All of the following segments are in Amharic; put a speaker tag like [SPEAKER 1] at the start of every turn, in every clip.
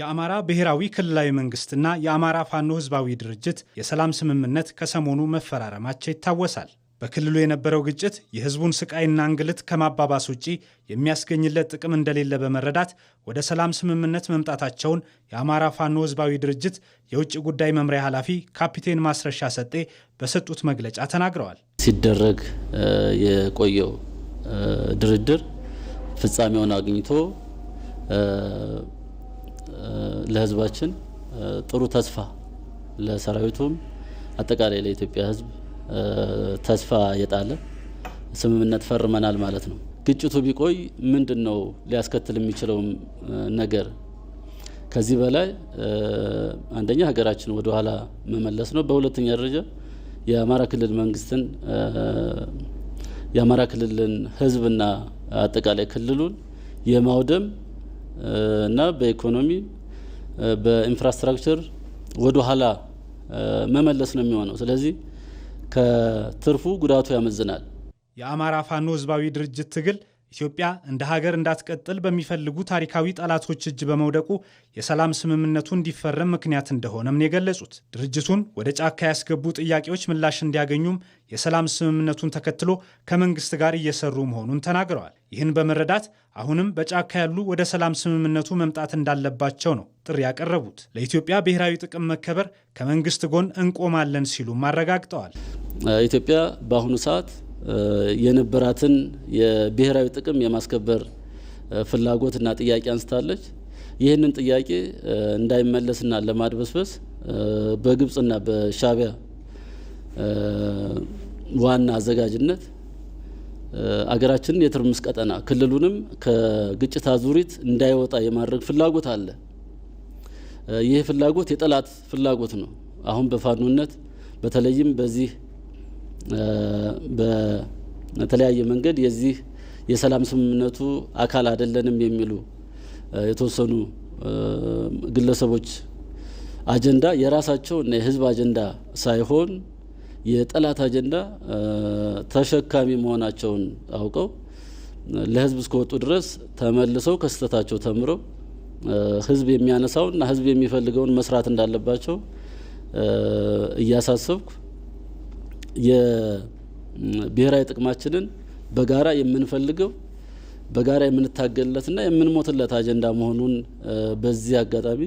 [SPEAKER 1] የአማራ ብሔራዊ ክልላዊ መንግስትና የአማራ ፋኖ ህዝባዊ ድርጅት የሰላም ስምምነት ከሰሞኑ መፈራረማቸው ይታወሳል። በክልሉ የነበረው ግጭት የህዝቡን ስቃይና እንግልት ከማባባስ ውጪ የሚያስገኝለት ጥቅም እንደሌለ በመረዳት ወደ ሰላም ስምምነት መምጣታቸውን የአማራ ፋኖ ህዝባዊ ድርጅት የውጭ ጉዳይ መምሪያ ኃላፊ ካፒቴን ማስረሻ ሰጤ በሰጡት መግለጫ ተናግረዋል።
[SPEAKER 2] ሲደረግ የቆየው ድርድር ፍጻሜውን አግኝቶ ለህዝባችን ጥሩ ተስፋ ለሰራዊቱም አጠቃላይ ለኢትዮጵያ ህዝብ ተስፋ የጣለ ስምምነት ፈርመናል ማለት ነው። ግጭቱ ቢቆይ ምንድን ነው ሊያስከትል የሚችለው ነገር ከዚህ በላይ አንደኛ ሀገራችን ወደ ኋላ መመለስ ነው። በሁለተኛ ደረጃ የአማራ ክልል መንግስትን የአማራ ክልልን ህዝብና አጠቃላይ ክልሉን የማውደም እና በኢኮኖሚ በኢንፍራስትራክቸር ወደ ኋላ መመለስ ነው የሚሆነው። ስለዚህ ከትርፉ ጉዳቱ ያመዝናል።
[SPEAKER 1] የአማራ ፋኖ ህዝባዊ ድርጅት ትግል ኢትዮጵያ እንደ ሀገር እንዳትቀጥል በሚፈልጉ ታሪካዊ ጠላቶች እጅ በመውደቁ የሰላም ስምምነቱ እንዲፈረም ምክንያት እንደሆነም ነው የገለጹት። ድርጅቱን ወደ ጫካ ያስገቡ ጥያቄዎች ምላሽ እንዲያገኙም የሰላም ስምምነቱን ተከትሎ ከመንግስት ጋር እየሰሩ መሆኑን ተናግረዋል። ይህን በመረዳት አሁንም በጫካ ያሉ ወደ ሰላም ስምምነቱ መምጣት እንዳለባቸው ነው ጥሪ ያቀረቡት። ለኢትዮጵያ ብሔራዊ ጥቅም መከበር ከመንግስት ጎን እንቆማለን ሲሉም አረጋግጠዋል።
[SPEAKER 2] ኢትዮጵያ በአሁኑ ሰዓት የነበራትን የብሔራዊ ጥቅም የማስከበር ፍላጎትና ጥያቄ አንስታለች። ይህንን ጥያቄ እንዳይመለስና ለማድበስበስ በግብጽና በሻቢያ ዋና አዘጋጅነት አገራችንን የትርምስ ቀጠና ክልሉንም ከግጭት አዙሪት እንዳይወጣ የማድረግ ፍላጎት አለ። ይህ ፍላጎት የጠላት ፍላጎት ነው። አሁን በፋኖነት በተለይም በዚህ በተለያየ መንገድ የዚህ የሰላም ስምምነቱ አካል አይደለንም የሚሉ የተወሰኑ ግለሰቦች አጀንዳ የራሳቸው እና የህዝብ አጀንዳ ሳይሆን የጠላት አጀንዳ ተሸካሚ መሆናቸውን አውቀው ለህዝብ እስከወጡ ድረስ ተመልሰው ከስህተታቸው ተምረው ህዝብ የሚያነሳውና ህዝብ የሚፈልገውን መስራት እንዳለባቸው እያሳሰብኩ የብሔራዊ ጥቅማችንን በጋራ የምንፈልገው በጋራ የምንታገልለትና የምንሞትለት አጀንዳ መሆኑን በዚህ አጋጣሚ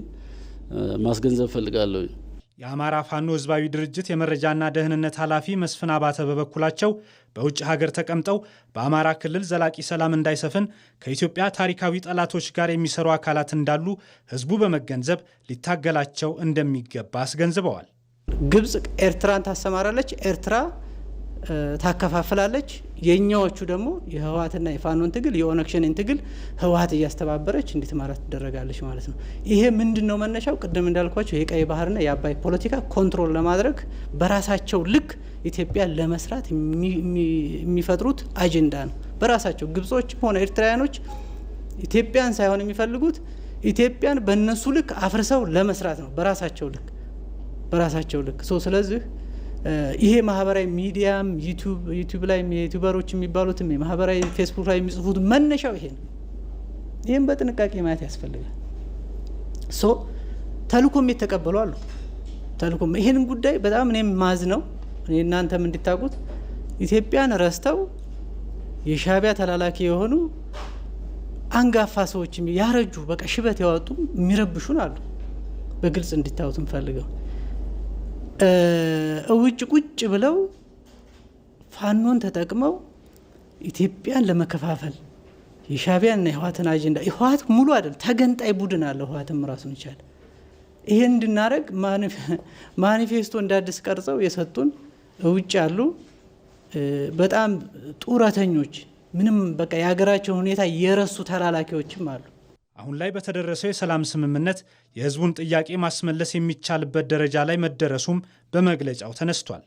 [SPEAKER 2] ማስገንዘብ እፈልጋለሁ።
[SPEAKER 1] የአማራ ፋኖ ህዝባዊ ድርጅት የመረጃና ደህንነት ኃላፊ መስፍን አባተ በበኩላቸው በውጭ ሀገር ተቀምጠው በአማራ ክልል ዘላቂ ሰላም እንዳይሰፍን ከኢትዮጵያ ታሪካዊ ጠላቶች ጋር የሚሰሩ አካላት እንዳሉ ህዝቡ በመገንዘብ ሊታገላቸው እንደሚገባ አስገንዝበዋል።
[SPEAKER 3] ግብጽ ኤርትራን ታሰማራለች፣ ኤርትራ ታከፋፍላለች። የእኛዎቹ ደግሞ የህወሀትና የፋኖን ትግል የኦነግሸንን ትግል ህወሀት እያስተባበረች እንድትመራ ትደረጋለች ማለት ነው። ይሄ ምንድን ነው መነሻው? ቅድም እንዳልኳቸው የቀይ ባህርና የአባይ ፖለቲካ ኮንትሮል ለማድረግ በራሳቸው ልክ ኢትዮጵያ ለመስራት የሚፈጥሩት አጀንዳ ነው። በራሳቸው ግብጾችም ሆነ ኤርትራውያኖች ኢትዮጵያን ሳይሆን የሚፈልጉት ኢትዮጵያን በእነሱ ልክ አፍርሰው ለመስራት ነው በራሳቸው ልክ በራሳቸው ልክ ሶ ስለዚህ ይሄ ማህበራዊ ሚዲያም ዩቱብ ላይ ዩቱበሮች የሚባሉትም ማህበራዊ ፌስቡክ ላይ የሚጽፉት መነሻው ይሄ ነው። ይህም በጥንቃቄ ማየት ያስፈልጋል። ሶ ተልኮም የተቀበሉ አሉ። ተልኮም ይሄንን ጉዳይ በጣም እኔም ማዝ ነው እናንተም እንድታውቁት ኢትዮጵያን ረስተው የሻቢያ ተላላኪ የሆኑ አንጋፋ ሰዎች ያረጁ በቃ ሽበት ያወጡ የሚረብሹን አሉ። በግልጽ እንዲታዩት እንፈልገው። እውጭ ቁጭ ብለው ፋኖን ተጠቅመው ኢትዮጵያን ለመከፋፈል የሻቢያና የህዋትን አጀንዳ ህዋት ሙሉ አይደል፣ ተገንጣይ ቡድን አለ። ህዋትም ራሱን ይቻል ይሄን እንድናደረግ ማኒፌስቶ እንዳዲስ ቀርጸው የሰጡን እውጭ ያሉ በጣም ጡረተኞች ምንም በቃ የሀገራቸውን ሁኔታ የረሱ ተላላኪዎችም አሉ።
[SPEAKER 1] አሁን ላይ በተደረሰው የሰላም ስምምነት የህዝቡን ጥያቄ ማስመለስ የሚቻልበት ደረጃ ላይ መደረሱም በመግለጫው ተነስቷል።